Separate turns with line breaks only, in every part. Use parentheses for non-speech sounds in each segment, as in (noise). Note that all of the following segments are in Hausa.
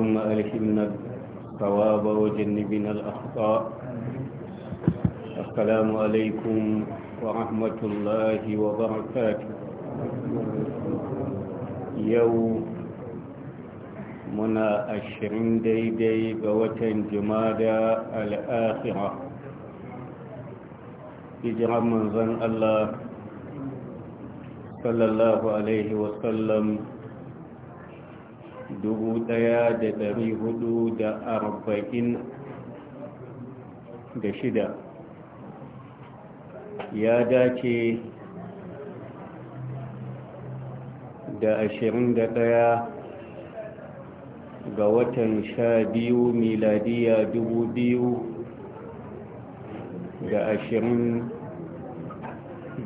اللهم ألهمنا الصواب وجنبنا الأخطاء السلام عليكم ورحمة الله وبركاته يوم muna ashirin daidai ga watan jumada al'afira hijiran manzan Allah sallallahu Alaihi wasallam dubu ɗaya da ɗari hudu da arba'in da shida ya dace da ashirin da ɗaya ga watan sha biyu miladiya dubu biyu da ashirin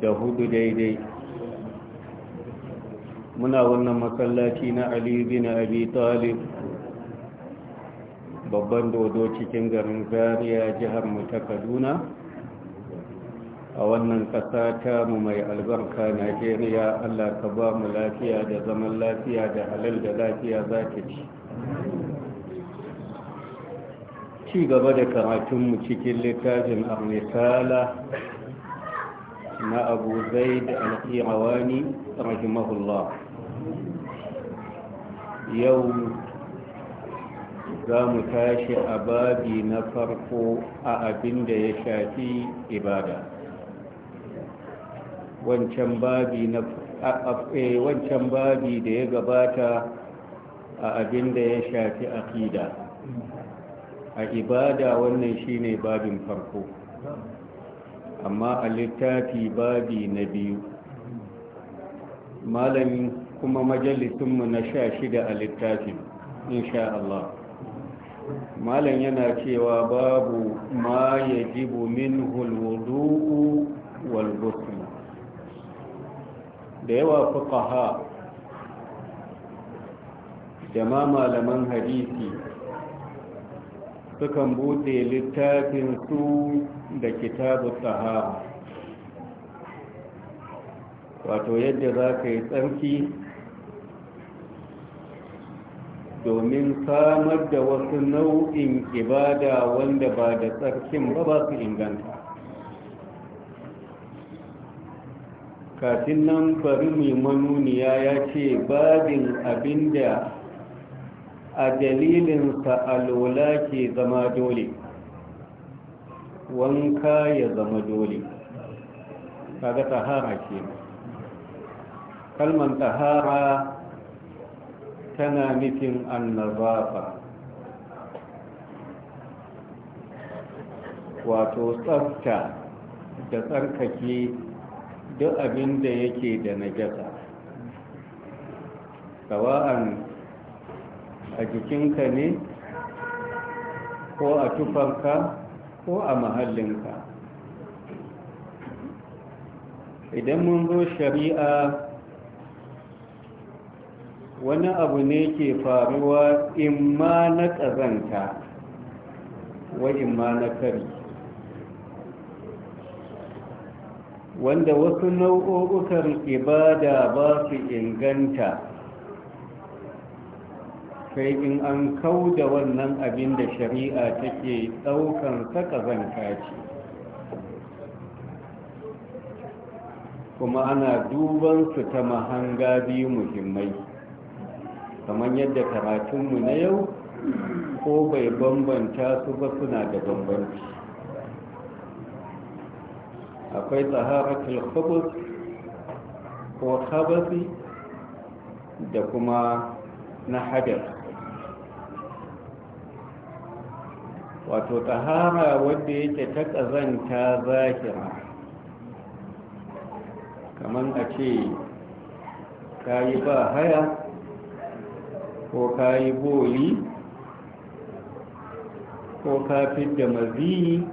da hudu daidai muna wannan masallaci na ali bin abi talib babban dodo cikin garin zaria jihar mu ta kaduna a wannan ƙasa ta mu mai albarka najeriya allah ka ba mu lafiya da zaman lafiya da halal da lafiya za ta ci ci gaba da karatunmu cikin littafin arnisala
na abu da al-qirawani rahimahullah yau za mu tashi a babi na farko a abin da ya shafi ibada
wancan babi da ya gabata a abin da ya shafi akida a ibada wannan shine babin farko amma a littafi babi na biyu malamin kuma majalisunmu na sha shida a littafin insha Allah malam yana cewa babu ma ya jibu min hulwudu da yawa fukaha da ma malaman hadisi sukan bude littafin su da kitabu sahaba wato yadda za ka yi tsarki domin samar da wasu nau'in ibada wanda ba da tsarkin ba ba su inganta kafin nan bari mai manuniya ya ce babin abinda a dalilinsa alola ke zama dole wanka ya zama dole kaga tahara ke kalman tahara tana nufin annazafa wato tsafta da tsarkake duk abin da yake da najasa sawa'an a jikinka ne ko a tufarka ko a mahallinka idan mun zo shari'a wani abu ne ke faruwa in ma na ƙazanta wa in ma na kari wanda wasu nau'o'ukan ibada ba su inganta sai in an kau da wannan abin da shari'a take ɗaukan ƙazanta ce kuma ana duban su ta mahanga biyu muhimmai kamar yadda karatunmu na yau ko bai bambanta su ba suna da bambanci akwai tsaharatul khabus ko khabasi da kuma na hadar wato tsahara wadda yake ta ƙazanta zahira kamar a ce ka yi ba haya ko ka yi boli ko ka fidda maziyi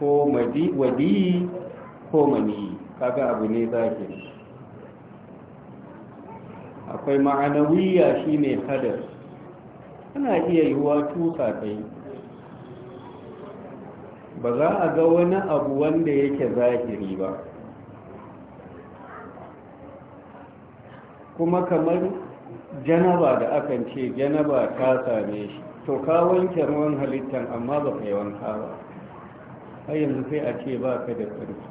ko wadiyi ko maniyi kaga abu ne zahiri akwai ma'anawiya ne hadar ana iya yiwuwa tuka kai ba za a ga wani abu wanda yake zahiri ba kuma kamar janaba da akan ce janaba ta same shi to ka wanke ruwan halittar, amma ba ka wanka ba har yanzu sai a ce ba ka da ƙarfi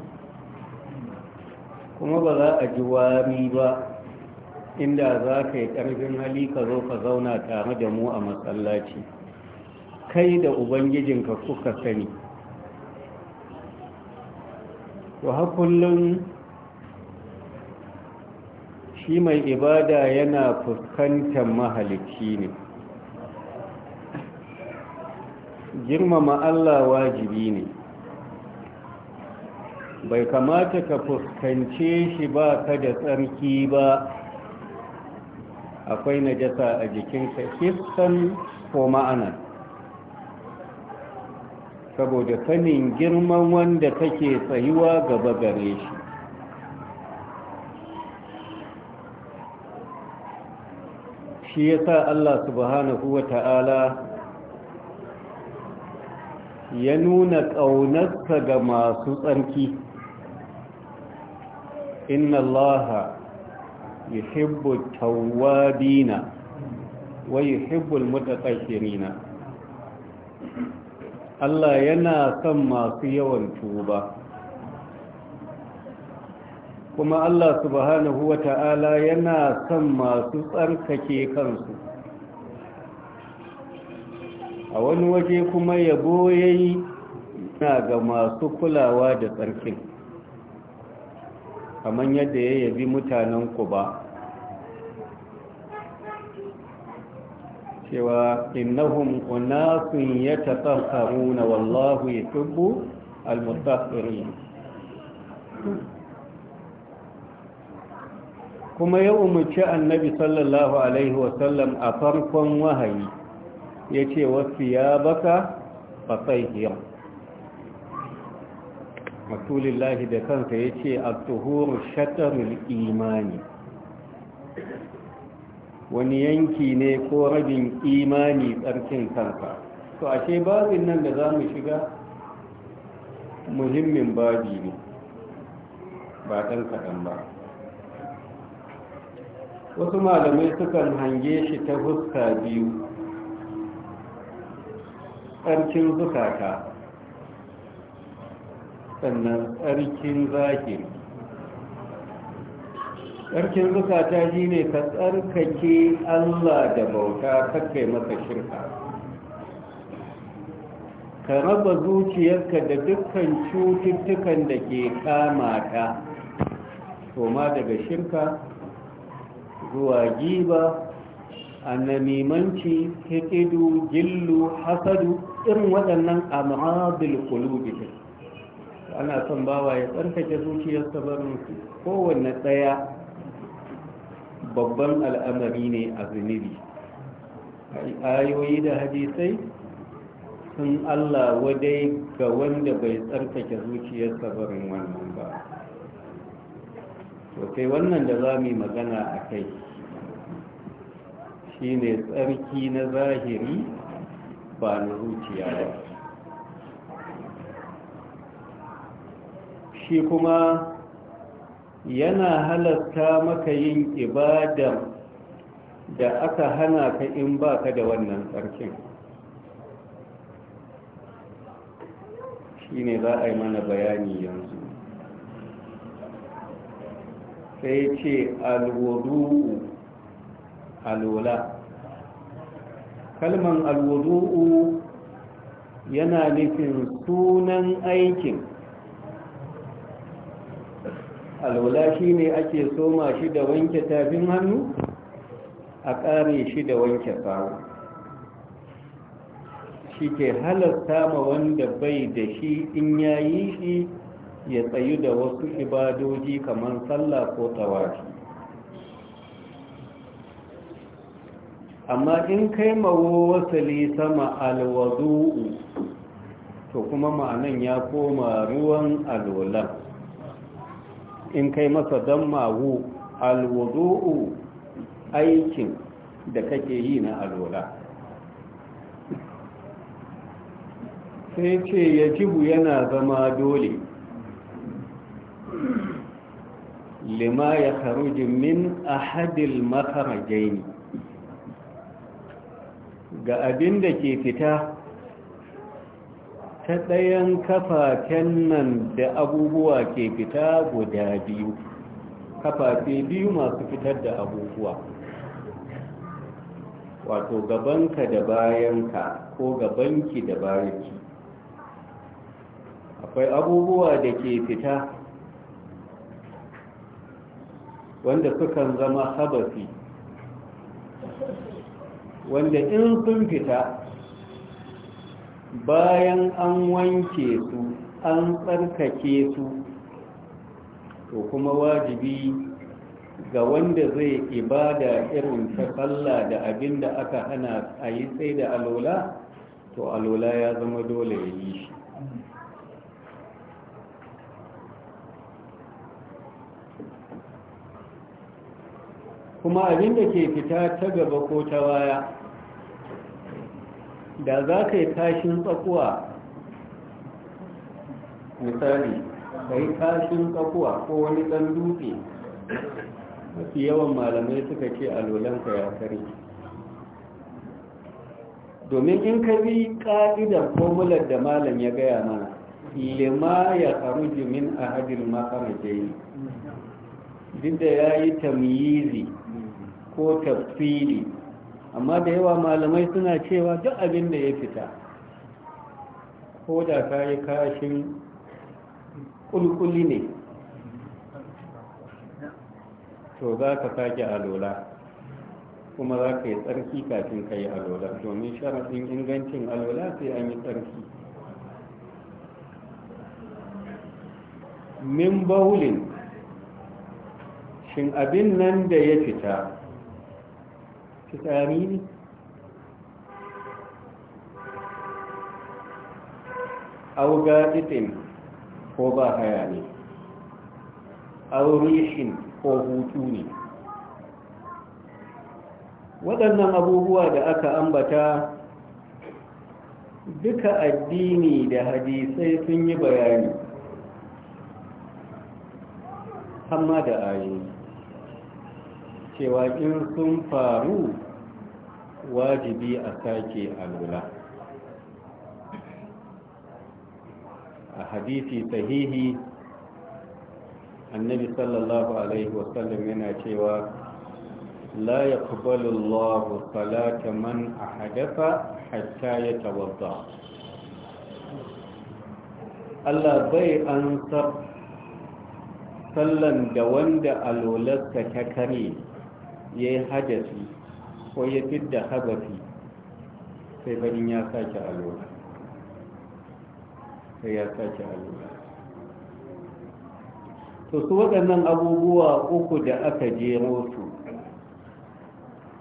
kuma ba za a ji wari ba inda za ka yi ƙarfin hali ka zo ka zauna tare da mu a matsalaci kai da ubangijinka kuka sani to har kullum shi mai ibada yana fuskantar mahalicci ne girmama Allah wajibi ne bai kamata ka fuskance shi ba ka da tsarki ba akwai najasa a jikinka hissan ko ma'ana saboda sanin girman wanda kake tsayuwa gaba gare shi shi ya sa Allah subhanahu wa ta'ala ya nuna ƙaunarsa ga masu tsarki inna Allah ya hibbu tawabina wa ya hibbu Allah yana son masu yawan tuba kuma Allah subhanahu wa ta'ala yana son masu tsarkake kansu a wani waje kuma yabo yayi na ga masu kulawa da tsarkin kamar yadda ya yabi mutanen ba. cewa innahum unasun yatatahharuna wallahu yuhibbu al mustafirin kuma ya umarci annabi sallallahu alaihi wasallam a farkon wahayi ya ce wasu ya baka fasaihiyar matulillahi da kanka ya ce a tuhuru shatarul imani wani yanki ne ko rabin imani tsarkin kanka? to ashe babin nan da za mu shiga muhimmin babi ne ba ɗan kaɗan ba wasu malamai sukan hange shi ta fuska biyu tsarkin zukata sannan tsarkin zahiri tsarkin zukata shi ne ka tsarkake allah da bauta kakai masa shirka ka raba zuciyarka da dukkan cututtukan da ke kama ta koma daga shirka zuwa giba namimanci hikidu gillu hasadu irin waɗannan amadul qulubi ana son bawa ya tsarkake zuciyarsa su kowanne ɗaya babban al'amari ne a zunubi ayoyi da hadisai sun allah wadai ga wanda bai tsarkake zuciyarsa barin wannan ba sosai wannan da za mu yi magana a kai Shi ne tsarki na zahiri ba na zuciya ba shi kuma yana halatta maka yin ibadar da aka hana ka in baka da wannan tsarkin shi ne za a yi mana bayani yanzu sai ce alwudu alwala kalman alwudu'u yana nufin sunan aikin alwala shine ne ake soma shi da wanke tafin hannu a kare shi da wanke sawu shi ke halarta ma wanda bai da shi in yayi shi ya tsayu da wasu ibadoji kamar sallah ko tsawashi amma in kai mawo wasali sama alwazu'u, to kuma ma'anan ya koma ruwan alwala in kai masa dan mawu aikin da kake yi na alwala sai ce ya yana zama dole lima ya min ahadil makarajaini ga abin da ke fita ta ɗayan kafafen nan da abubuwa ke fita guda biyu kafafe biyu masu fitar da abubuwa wato gabanka da bayanka ko gabanki da bayanki akwai abubuwa da ke fita wanda sukan zama habafi wanda in sun fita bayan an wanke su an tsarkake su to kuma wajibi ga wanda zai ibada irin ta da abinda aka hana a yi sai da alola to alola ya zama dole ya yi shi kuma abin da ke fita ta gaba ko ta baya da za ka yi tashin tsakuwa misali ka yi tashin tsakuwa ko wani ɗan dutse mafi yawan malamai suka ce alolanka ya kare domin in ka bi ƙa'idar formular da malam ya gaya mana lima ya faru jimin a hajjin makamajai duk da ya yi tamyizi ko tafsiri amma da yawa malamai suna cewa duk abin da ya fita ko da ka yi kashin ƙulƙuli ne to za ka sake alola kuma za ka yi tsarki kafin ka yi alola domin sharaɗin ingancin alola sai an yi tsarki min baulin shin abin nan da ya fita fitsari ne auga itin ko ba haya ne aurishin ko hutu ne waɗannan abubuwa da aka ambata duka addini da hadisai sun yi bayani Hama da ayoyi cewa in sun faru wajibi a sake alula a hadisi sahihi annabi sallallahu alaihi wasallam yana cewa la ya kubalullahu salata man a hadafa hatta ya tawadda Allah bai an sallan da wanda alolarsa ta kare ya yi hadafi ko ya fi da habafi sai barin ya sake alola sai ya sake alola to su waɗannan abubuwa uku da aka jero su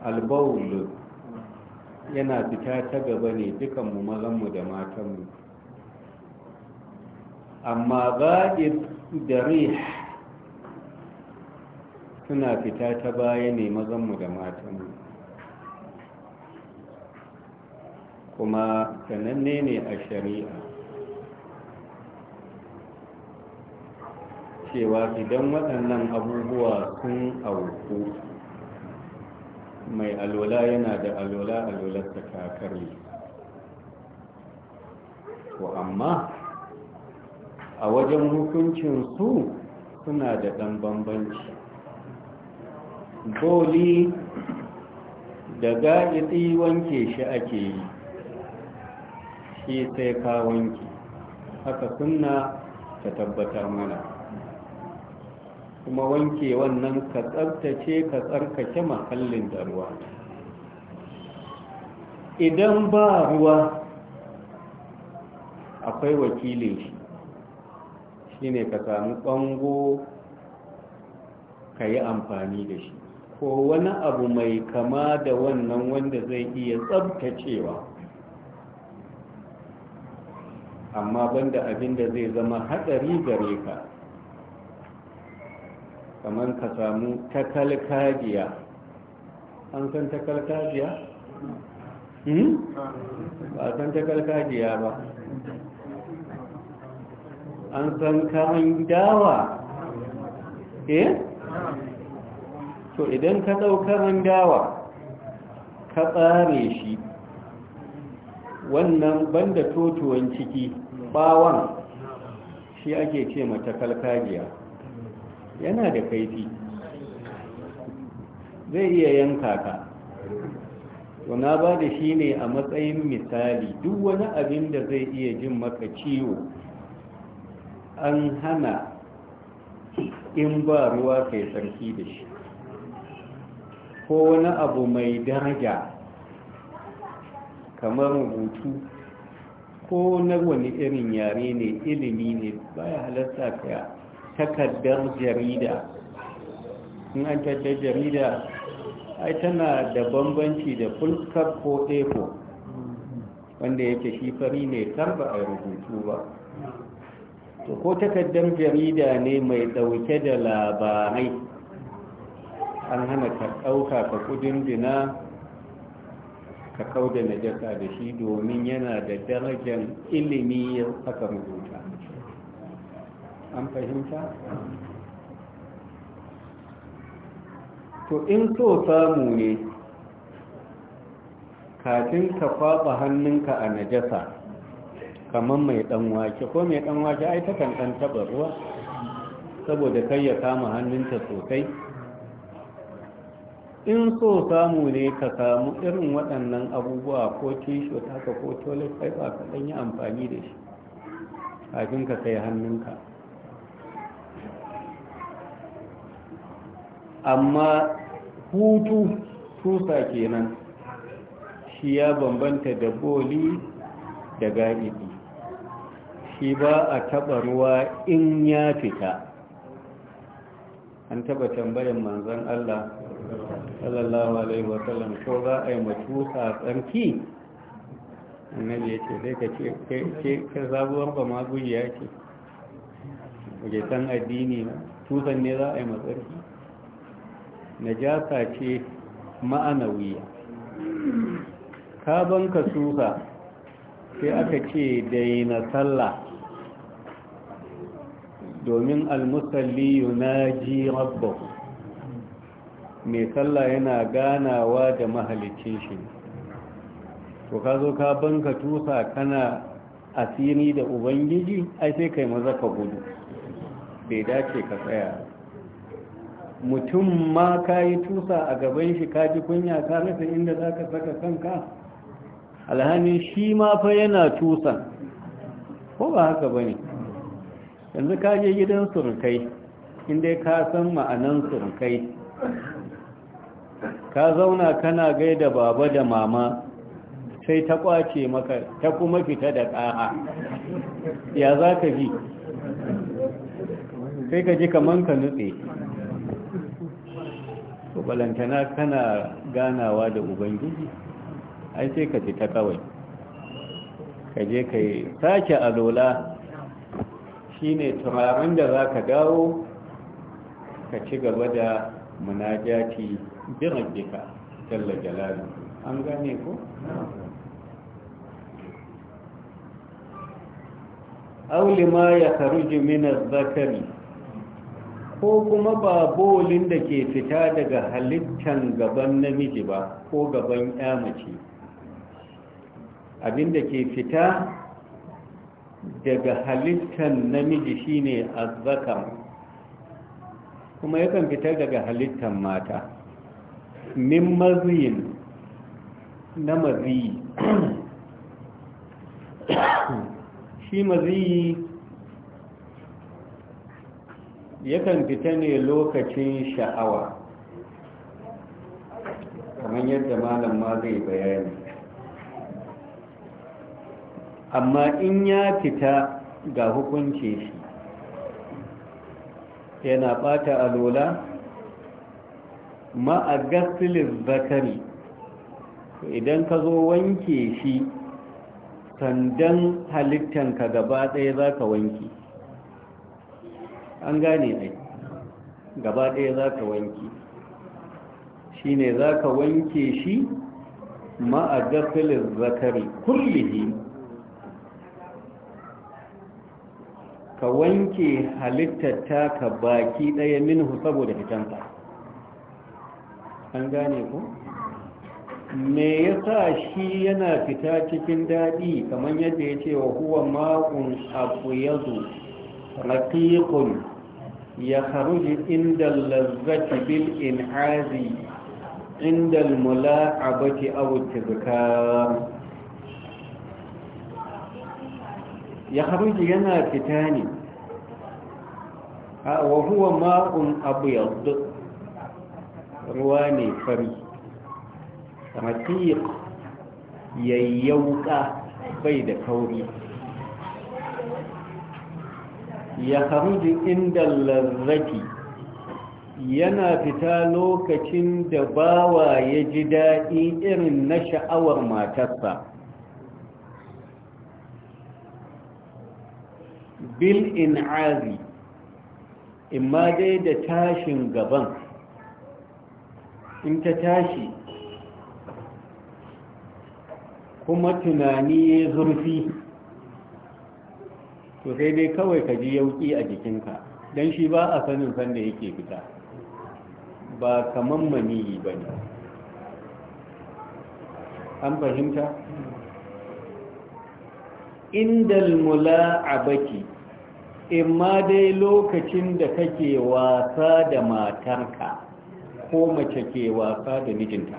albawul yana fita ta gaba ne dukanmu mu, da matanmu amma ba'id da rih suna fita ta baya ne mazanmu da matanmu kuma sananne ne a shari'a cewa idan waɗannan abubuwa sun auku mai alola yana da alola alolar ta karye to amma a wajen hukuncin su suna da ɗan bambanci boli da gaɗi wanke shi ake yi shi sai ka wanke haka sunna ta tabbatar mana kuma wanke wannan ka tsabtace ka tsarkake mahallin da ruwa idan ba ruwa akwai wakilin shi shi ne ka samu ɓango ka yi amfani da shi ko wani abu mai kama da wannan wanda zai iya tsabtacewa amma banda abin da zai zama hadari gare ka kamar ka samu takalkajiya an san takalkajiya? Hmm? ba san takalkajiya ba an san kayan dawa eh to idan ka ɗaukar rangawa ka tsare shi wannan banda totuwan ciki ɓawan shi ake ce mata kalkajiya yana da kaifi zai iya yanka ka na ba da shi ne a matsayin misali duk wani abin da zai iya jin maka ciwo an hana in ba ruwa kai sarki da shi ko wani abu mai daraja kamar rubutu ko na wani irin yare ne ilimi ne baya halatta ka takardar jarida in an takardar jarida ai tana da bambanci da fulkar ko eko wanda yake shi fari ne ba a rubutu ba ko takardar jarida ne mai dauke da labarai an hana ka ɗauka ka kudin dina ka kau da najasa da shi domin yana da darajar ilimi ya saka rubuta an fahimta? to in so samu ne kafin ka faɓa hannunka a najasa kamar mai ɗan wake ko mai ɗan ai takan ɗan taɓa ruwa saboda kai ya kama hannunta sosai in so samu ne ka samu irin waɗannan abubuwa ko t-shirt haka ko toilet paper ka ɗan yi amfani da shi kafin ka kai hannunka amma hutu tusa kenan shi ya bambanta da boli da gaɗiɗi shi ba a taɓa ruwa in ya fita an taɓa tambayan manzan Allah sallallahu alaihi wasallam ko za a yi matusa tsarki annabi ya ce sai ka ce ka sabuwar ba ma ya ce ke san addini ba tusan ne za a yi matsarki najasa ce ma'anawiya wuya. ka suka sai aka ce daina sallah domin almusalli yunaji rabbahu mai sallah yana ganawa da mahalicin shi to ka zo ka banka tusa kana asiri da ubangiji ai sai kai maza ka gudu bai dace ka tsaya mutum ma ka yi tusa a gaban shi ka ji kunya ka rasa inda za ka saka kanka alhani shi ma fa yana tusan ko ba haka ba ne yanzu ka je gidan surkai inda ka san ma'anan surukai. ka zauna kana gaida baba da mama sai ta kwace maka ta kuma fita da ƙa'a
ya za ka ji sai ka ji kaman ka nutse
balantana kana ganawa da ubangiji ai sai ka fita kawai ka je ka yi sake alola ne turaren da za ka dawo ka ci gaba da munajati bi rabbika jalla jalalu an gane ko aw lima yakhruju min adh-dhakari ko kuma ba bolin da ke fita daga halittan gaban namiji ba ko gaban ya mace abinda ke fita daga halittan namiji shine azzakar kuma yakan fitar daga halittar mata min maziyin na maziyi (clears throat) shi maziyi yakan fita ne lokacin sha'awa kamar yadda malam ma zai bayani amma in ya fita ga hukunce shi yana bata alola a gasilin zakari idan ka zo wanke shi sandan halittanka gaba ɗaya za ka wanke an gane ai gaba ɗaya za ka wanke shi ne za ka wanke shi ma a gasilin zakari kullum ka wanke halittar taka baki ɗaya minhu saboda fitanta. an gane ku me yasa shi yana fita cikin daɗi kamar yadda ya ce wa huwa ma'un abu yazu raƙiƙun ya haruji inda lalzati bil in'azi inda mula'abati abu tizikar ya yana fita ne a wahuwa ma'un abu yadda ruwa ne fari ratiq yayyauka bai da kauri ya haruji inda larraki yana fita lokacin da bawa ya ji daɗi irin na sha'awar matarsa bil in'azi imma dai da tashin gaban in ta tashi kuma tunani ya zurfi to sai dai kawai ka ji yauki a jikinka don shi ba a sanin sanda yake fita ba kaman maniyi ba ne an fahimta indal baki. imma dai lokacin da kake wasa da matarka ko mace ke wasa da mijinta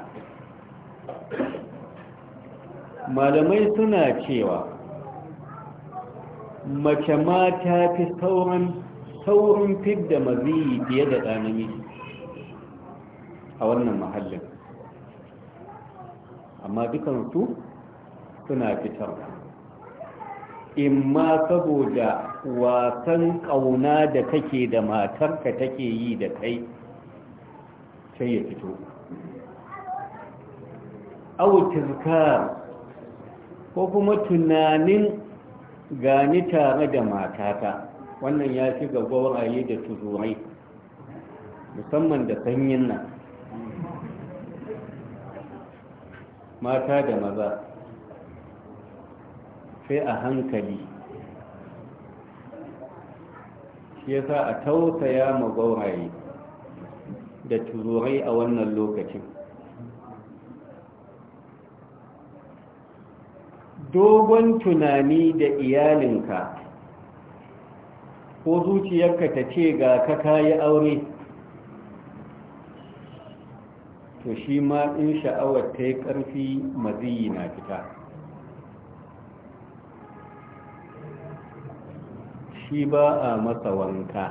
malamai suna cewa mace ma ta fi sauran saurin fidda maziyi fiye da ɗanami a wannan mahallin amma dukansu suna fitar imma saboda wasan ƙauna da kake da matarka take yi da kai sai ya fito autirka ko kuma tunanin gani tare da matata wannan ya fi gaggawaye da tuzurai musamman da sanyin nan mata da maza sai a hankali shi yasa a tausaya ma gauraye da tuzurai a wannan lokacin dogon tunani da iyalinka ko zuciyarka ta ce ga ka kayi aure to shi ma in sha'awar ta yi ƙarfi maziyi na fita shi ba a masa wanka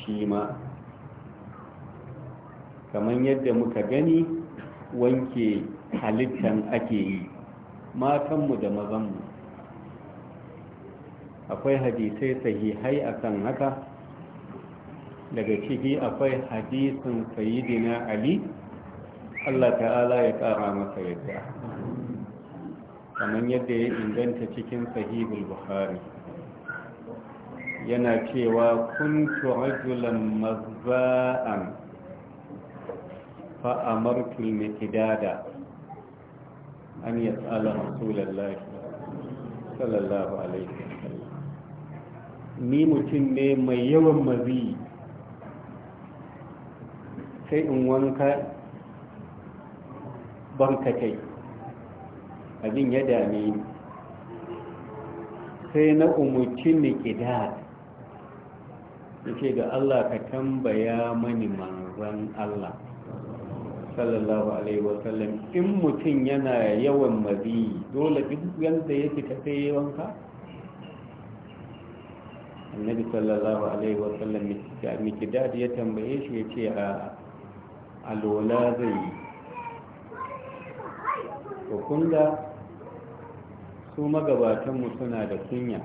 shi ma kamar yadda muka gani wanke halittan ake yi matanmu da mazanmu akwai hadisai sahihai a kan haka daga ciki akwai hadisin sayidina ali allah ta'ala ya kara masa yadda kamar yadda ya inganta cikin sahihul buhari yana cewa kuntu rajulan mazza'an fa amartu al-miqdada an yas'ala rasulullahi sallallahu alaihi wasallam ni mutum ne mai yawan mazi sai in wanka banka kai abin ya dame ni sai na umurci miqdada yake ga Allah ka tambaya mani manzan Allah sallallahu alaihi wasallam in mutum yana yawan mazi dole duk yanda yake fita yawanka? wanka annabi sallallahu alaihi wasallam mikidad ya tambaye shi ya ce a alola zai yi to kunga su magabatanmu suna da kunya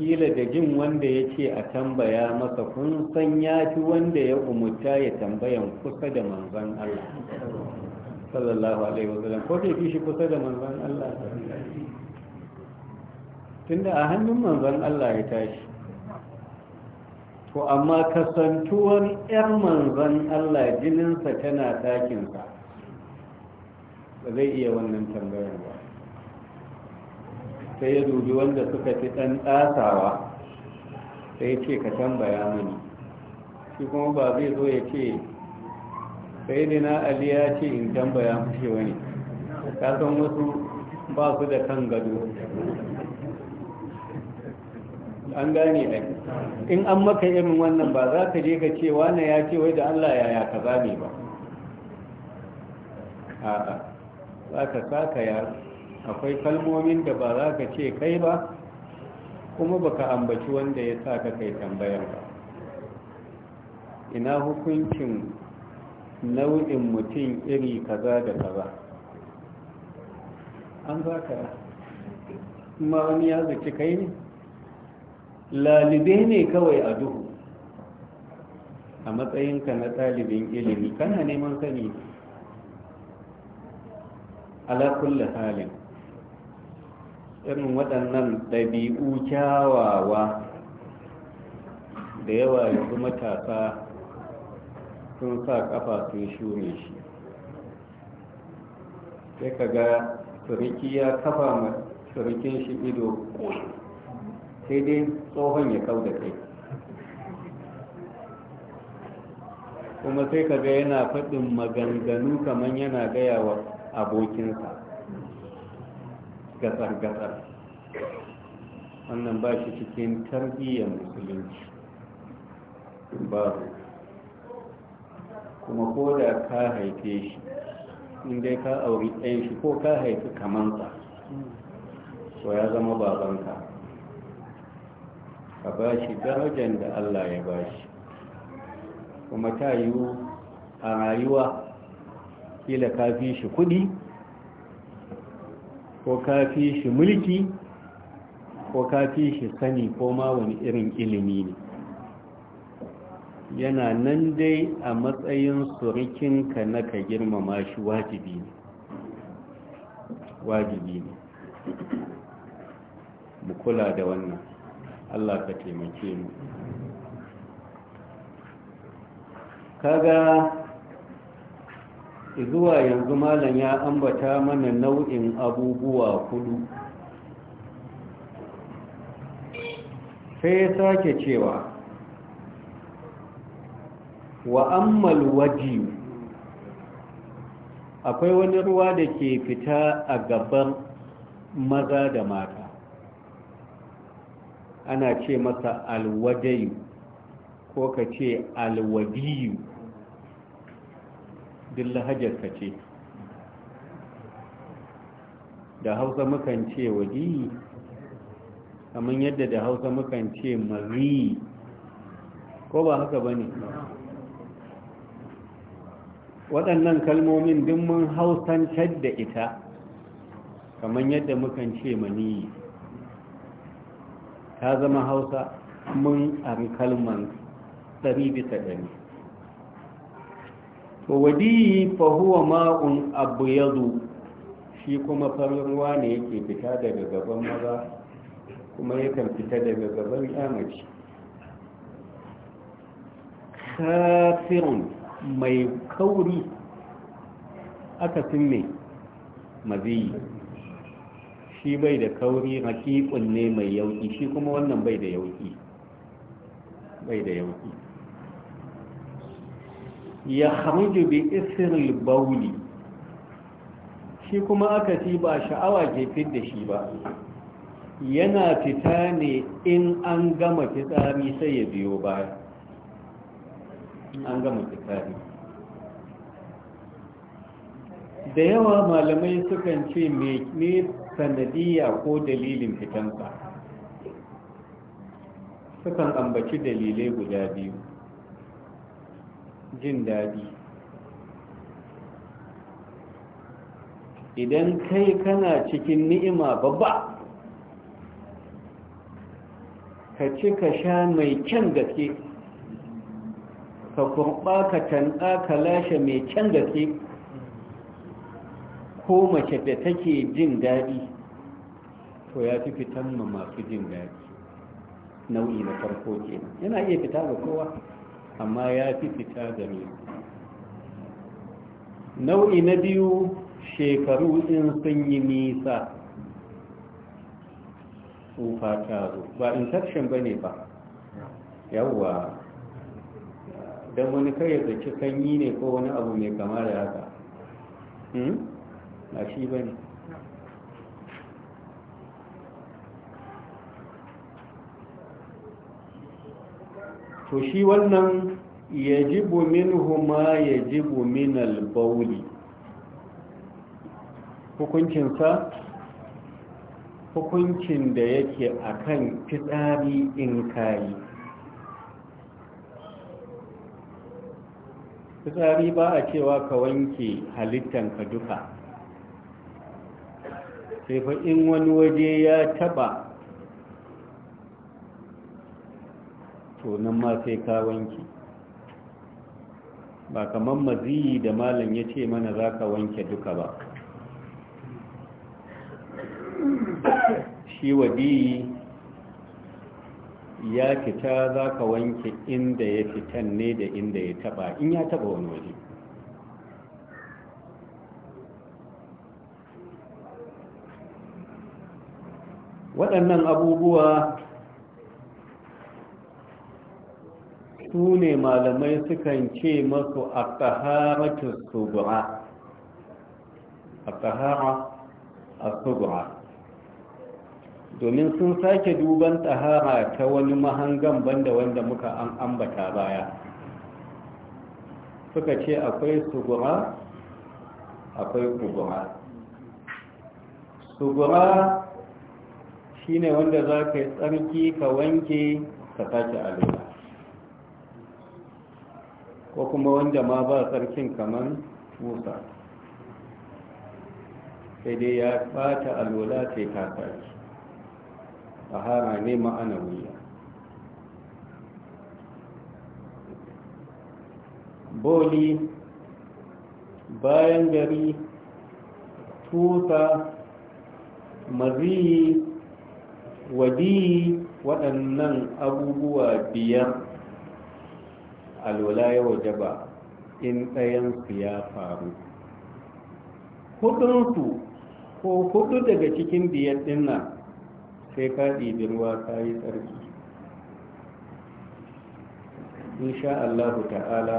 kila da jin wanda ya ce a tambaya masa kun san ya fi wanda ya umurta ya tambayan kusa da manzan Allah sallallahu alaihi wasallam ko ke fi shi kusa da manzan Allah tunda a hannun manzan Allah ya tashi to amma kasantuwar 'yan manzan Allah jininsa tana sa. ba zai iya wannan tambayar ba sai ya dubi wanda suka fi ɗan ɗasawa sai ce ka tambaya mini shi kuma ba zai zo ya ce sai dina ali ya ce in tambaya mashi wani kasan wasu ba su da kan gado an gane ɗai in an maka irin wannan ba za ka je ka ce wane ya ce wai da allah yaya ka zame ba a'a za ka sa ka yaro akwai kalmomin da ba za ka ce kai ba kuma ba ka ambaci wanda ya sa ka kai tambayar ba ina hukuncin nau'in mutum iri kaza da kaza an za ka kuma wani ya zaci kai ne lalibe ne kawai a duhu a matsayinka na ɗalibin ilimi kana neman sani ala kulli halin irin waɗannan ɗabi'u kyawawa da yawa yanzu matasa sun sa ƙafa sun shure shi sai ka ga suriki ya kafa ma surikin shi ido sai dai tsohon ya kau da kai kuma sai ka ga yana faɗin maganganu kamar yana gaya wa abokinsa gatsar-gatsar wannan ba shi cikin tarbiyyar musulunci ba kuma ko da ka haife shi inda ka auri ɗayan shi ko ka haifi kamansa so ya zama babanka ka ba shi darajar da allah ya ba shi kuma ta yiwu a rayuwa kila ka fi shi kudi. ko ka fi shi mulki ko ka fi shi sani ko ma wani irin ilimi ne yana nan dai a matsayin surikinka na ka girmama shi wajibi ne wajibi ne mu kula da wannan Allah ka taimake mu kaga zuwa yanzu malam ya ambata mana nau'in abubuwa kudu sai ya sake cewa wa ammal waji akwai wani ruwa da ke fita a gaban maza da mata ana ce masa alwajayu ko ka ce alwadiyu duk ka ce da hausa mukan ce wadi kamar yadda da hausa mukan ce mari ko ba haka ba ne waɗannan kalmomin duk mun hausantar da ita kamar yadda mukan ce mani ta zama hausa mun an kalman ɗari bisa ɗari to wadiyi fahuwa ma'un abu yazo shi kuma farin ruwa ne yake fita daga gaban maza kuma yakan fita daga gaban yamaci kafirun mai kauri aka mai maziyi shi bai da kauri hakikun ne mai yauki shi kuma wannan bai da yauki bai da yauki ya hamju bi isril bauli shi kuma aka ci ba sha'awa ke fit shi ba yana fita ne in an gama fitsari sai ya biyo baya an gama fitsari da yawa malamai sukan ce me sanadiyya ko dalilin fitanka sukan ambaci dalilai guda biyu jin daɗi idan kai kana cikin ni'ima babba ka ci ka sha mai kyan gaske ka kurɓa ka tanɗa ka lashe mai kyan gaske ko mace da take jin daɗi to ya fi fitan ma masu jin daɗi nau'i na farko kenan yana iya fita ga kowa amma ya fi fita da ni nau'i na biyu shekaru in sun yi nisa tsufa ta zo ba infection ba ne ba yawwa don wani kai ya ci sanyi ne ko wani abu mai kama da haka hmm? ba shi ba ne to shi wannan yajibu minhu ma yajibu min al-bawli hukuncinsa hukuncin da yake akan fitsari in kayi fitsari ba a cewa ka wanke ka duka sai fa in wani waje ya taba to nan ma sai ka wanke ba kamar maziyi da malam ya ce mana za ka wanke duka ba shi wadiyi ya fita za ka wanke inda ya fitan ne da inda ya taba in ya taba wani waje waɗannan abubuwa su ne malamai sukan ce masu a taharatun subura a tahara a subura domin sun sake duban tahara ta wani mahangan banda wanda muka an ambata baya suka ce akwai sugura akwai kubura sugura shine wanda za ka yi tsarki ka wanke ka sake alwala ko kuma wanda ma ba sarkin kamar musa sai dai ya bata alwala sai ta a hana ne ma'ana wuya boli bayan gari tuta mazi wadi waɗannan abubuwa biyar alwala ya wajaba in ɗayansu ya faru hudunsu ko hudu daga cikin biyar dinna sai ka ɗibi ruwa ka yi tsarki insha Allah ta'ala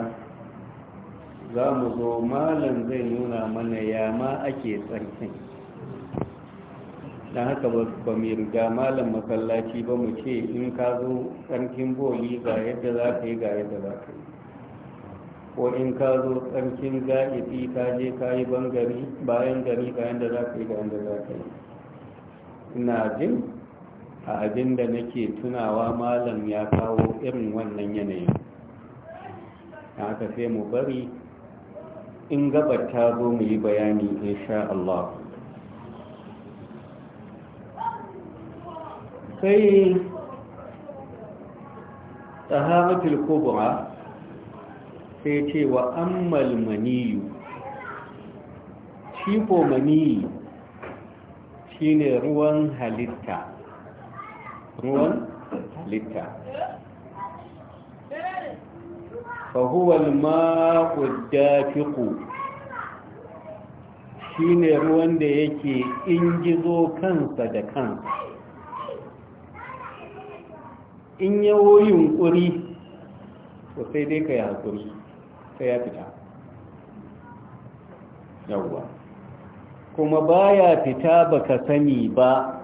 za mu zo malam zai nuna mana ya ma ake tsarkin
don haka ba mai riga malam masallaci ba mu ce in ka zo tsarkin boli ga
yadda za ka yi ga yadda za ka yi ko in ka zo tsarkin ga'iɗi ka je ka yi bangari bayan gari ga yadda za ka yi ga yadda za ka yi ina jin a abin da nake tunawa malam ya kawo irin wannan yanayin haka sai mu bari in gabata ta zo mu yi bayani insha Allah ta taharatul kubra sai ce wa ammal maniyu shi ko shi shine ruwan halitta ruwan halitta fahuwa ma'udafiku shi ne ruwan da yake ingizo kansa da kansa in yawo yunƙuri to sai dai ka yi haƙuri sai ya fita yawwa kuma baya fita baka sani ba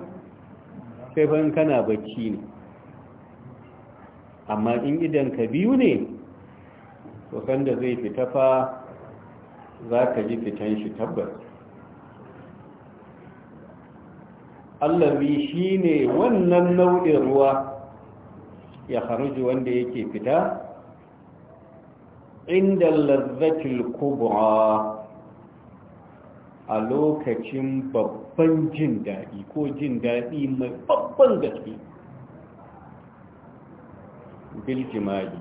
sai ban kana bacci ne amma in idan ka biyu ne to da zai fita fa za ka ji fitan shi tabbas shi ne wannan nau'in ruwa ya kharuju wanda yake fita inda lazzatil kubra a lokacin babban jin daɗi ko jin daɗi mai babban gaske bil jima'i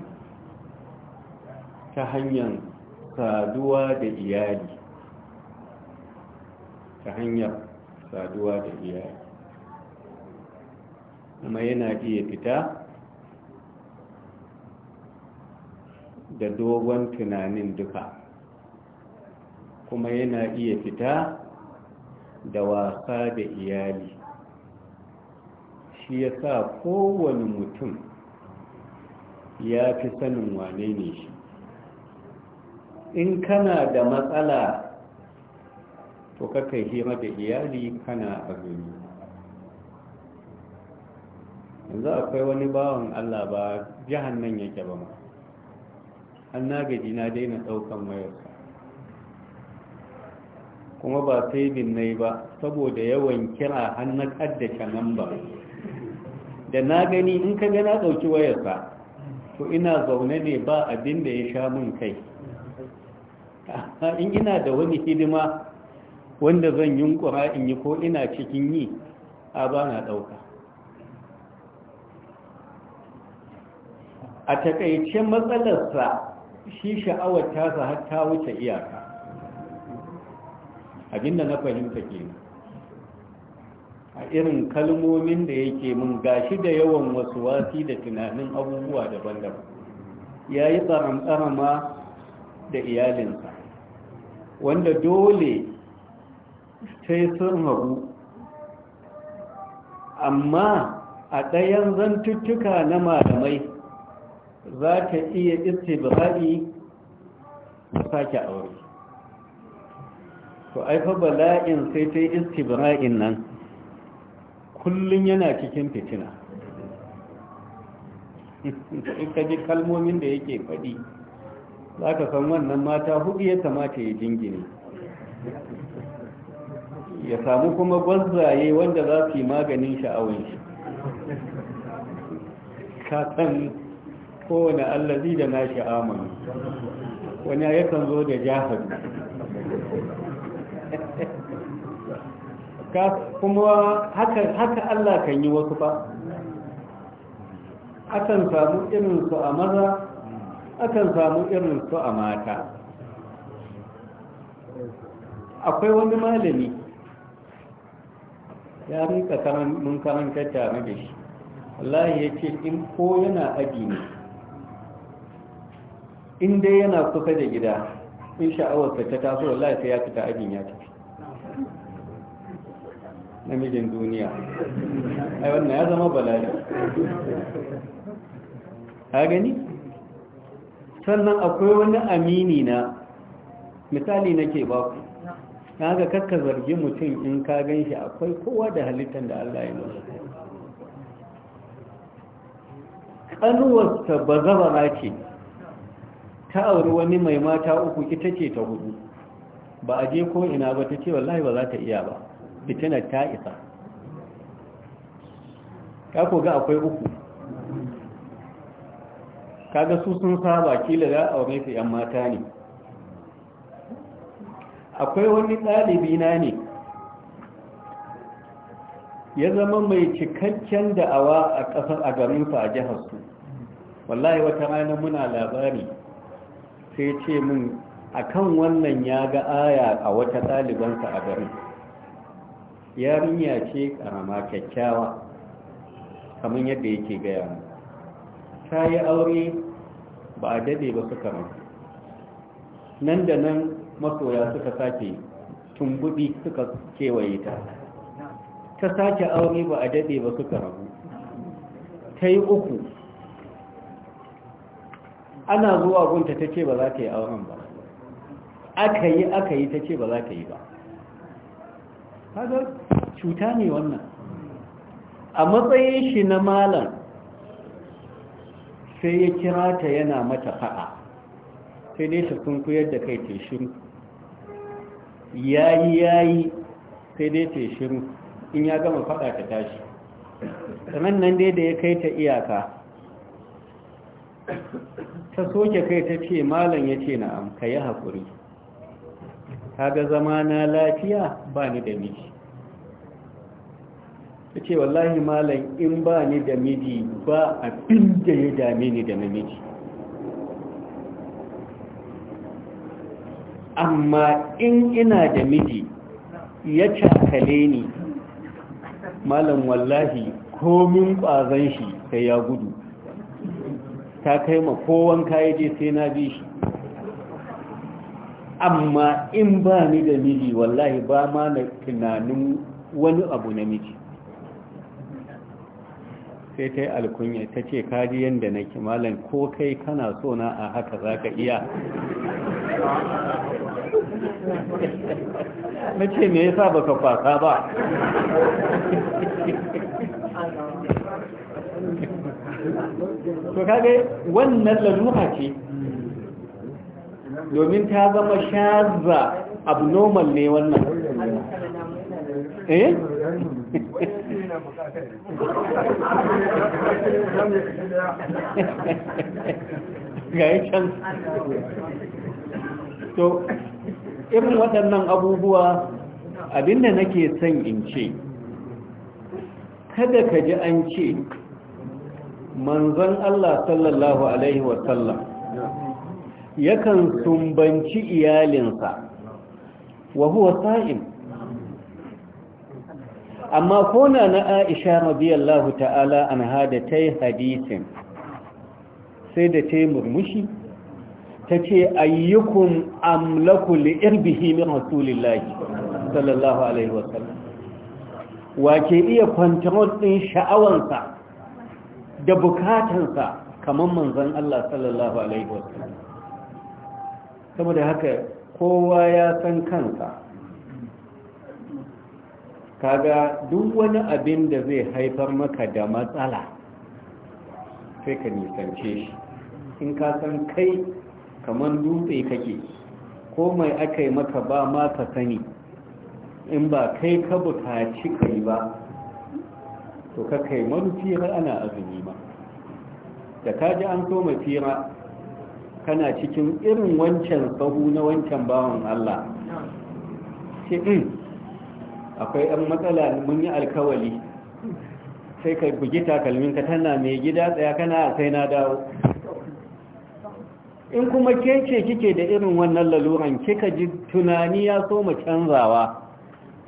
ta hanyar saduwa da iyali ta hanyar saduwa da iyali kuma yana iya fita da dogon tunanin duka kuma yana iya fita da wasa da iyali shi ya sa kowane mutum ya fi sanin wane ne shi in kana da matsala to kakai hira da iyali kana azumi yanzu akwai wani bawan allah ba jihan nan yake ba ma an na gaji na daina ɗaukan wayarsa kuma ba sai na ba saboda yawan kira har na ƙaddace nan ba da na gani in ka gana ɗauki wayarsa to ina zaune ne ba abin da ya sha mun kai in ina da wani hidima wanda zan yunkura in yi ko ina cikin yi a ba na ɗauka a takaice matsalarsa shi sha'awar tasa har ta wuce iyaka abinda na fahimta ke a irin kalmomin da yake mun gashi da yawan wasu wasi da tunanin abubuwa daban-daban ya yi tsaramtsarama da iyalinsa wanda dole sai sun hagu amma a ɗayan zantuttuka na malamai za ka iya istibhari ka sake aure to ai bala'in sai ta yi istibra'in nan kullum yana cikin fitina in ka ji kalmomin da yake faɗi za ka san wannan mata hudu ya kamata ya jingine
ya samu kuma gwazaye
wanda za su yi maganin sha'awun ka san kowane allazi da nashi amanu wani ya kan zo da jahar kuma haka Allah kan yi wasu ba akan samu irinsu a maza akan samu irinsu a mata akwai wani malami ya rika mun karanta tare da shi wallahi ya ce in ko yana aji ne in dai yana kusa da gida in sha'awarsa ta taso wallahi sai ya fita abin ya tafi
namijin duniya ai wannan ya zama bala'i
ha gani sannan akwai wani amini na misali nake baku na ga kakka zargi mutum in ka gan shi akwai kowa da halittar da Allah ya nuna ƙanuwarsa ba zabara ce ta auri wani mai mata uku ita ce ta hudu ba a je ko ina ba ta ce wallahi ba za ta iya ba fitinar ta isa ka ga akwai uku kaga su sun saba kila za a wani yan mata ne akwai wani ɗalibi na ne ya zama mai cikakken da'awa a ƙasar a garinsa a jihar su. wallahi wata rana muna labari sai ce min akan wannan ya ga aya a wata ɗalibansa a garin yarinya ce ƙarama kyakkyawa kamar yadda yake gaya mu ta yi aure ba a dade ba suka ran nan da nan masoya suka sake tumbuɗi suka kewaye ta ta sake aure ba a dade ba suka rabu ta yi uku ana zuwa gunta ta ce ba za ta yi auren ba aka yi aka yi ta ce ba za ta yi ba haka cuta ne wannan a matsayin shi na malam sai ya kira ta yana mata faɗa sai dai ta kunkuyar da kai ta shiru yayi yayi sai dai ta shiru in ya gama faɗa ta tashi sannan nan dai da ya kai ta iyaka ta soke kai ta ce malam ya ce na amka ya haƙuri ga zama na lafiya ba ni da miji ta ce wallahi malam in ba ni da miji ba abin da ya dame ni da namiji amma in ina da miji ya cakale ni malam wallahi komin ƙwazon shi sai ya gudu ta kai ma kowan kayan je sai na bi shi amma in ba ni da miji wallahi ba ma na tunanin wani abu na miji sai ta yi alkunya ta ce kaji yadda na kimalan ko kai kana so na a haka za ka iya na ce me yasa baka kwasa ba
to kage wannan laluha ce domin ta zama shaza
abnormal ne wannan eh to irin waɗannan abubuwa abinda nake son in ce kada ka ji an ce manzon Allah sallallahu alaihi wasallam yakan sumbanci iyalinsa wa huwa sa'im amma kona na Aisha radiyallahu ta'ala an da ta yi hadisin sai da ta yi murmushi ta ce ayyukun amlaku li'irbihi min rasulillahi sallallahu alaihi wasallam wa ke iya kwantarot ɗin sha'awansa da bukatansa kamar manzan Allah sallallahu alaihi wasallam saboda haka kowa ya san kansa kaga duk wani abin da zai haifar maka da matsala sai ka nisance shi in ka san kai kamar dutse kake ko mai aka yi maka ba ma ka sani in ba kai ka bukaci kai ba to ka kai manufi har ana azumi ba. da ka ji an so mafira kana cikin irin wancan sahu na wancan bawan Allah ce in hmm, akwai ɗan matsala mun yi alkawali sai ka bugi ka tana mai gida tsaya kana sai na dawo in kuma kece kike da irin wannan laluran kika ji tunani ya so canzawa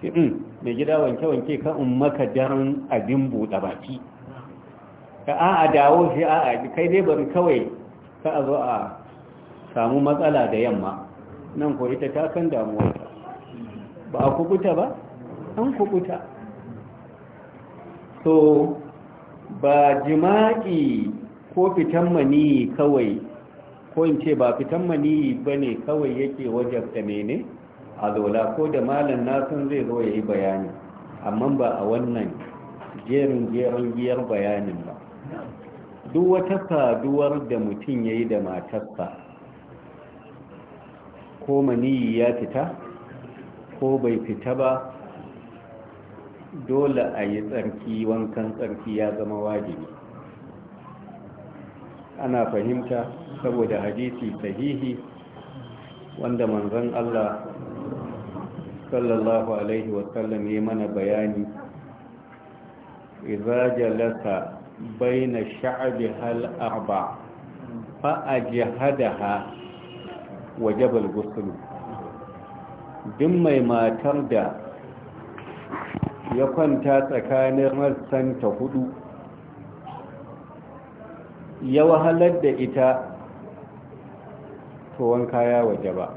Shi in hmm, mai gida wanke-wanke ka in maka daren abin buɗa baki ka a a dawo shi a a kai dai bari kawai ka a zo a samu matsala da yamma nan ko ita ta kan damuwa ba a kukuta ba an kukuta so ba jima'i ko fitan mani kawai ko in ce ba fitan mani ba ne kawai yake wajabta mene a zola ko da malam nasun zai zo ya yi bayani amma ba a wannan jerin jerin giyar bayanin ba duk wata saduwar da mutum ya yi da matarsa ko maniyi ya fita ko bai fita ba dole a yi tsarki wankan tsarki ya zama wajibi ana fahimta saboda hadisi sahihi wanda manzon Allah sallallahu alaihi wasallam ya mana bayani izajalasa baina sha'abi hal arba fa ajhadaha wajabal ghusl duk mai matar da ya kwanta tsakanin rassanta hudu ya wahalar da ita to wanka ya wajaba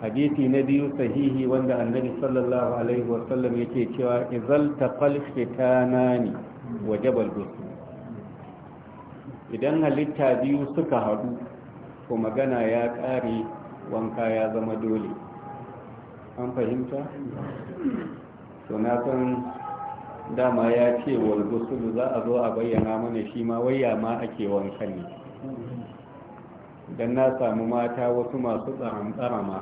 hadisi na biyu sahihi wanda annabi sallallahu alaihi yake cewa izal taqal shitanani wa jabal idan halitta biyu suka haɗu ko magana ya ƙare wanka ya zama dole an fahimta? to na san dama ya ce su za a zo a bayyana mana shi ma waya ma ake wankan ne don na samu mata wasu masu tsarama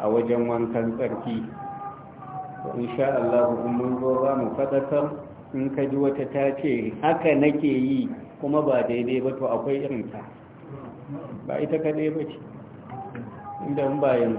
a wajen wankan tsarki insha Allah mun zo za mu fadakar in ka ji wata ta ce haka nake yi kuma ba daidai ba to akwai irin ba ita kaɗai ba ce inda ba yanzu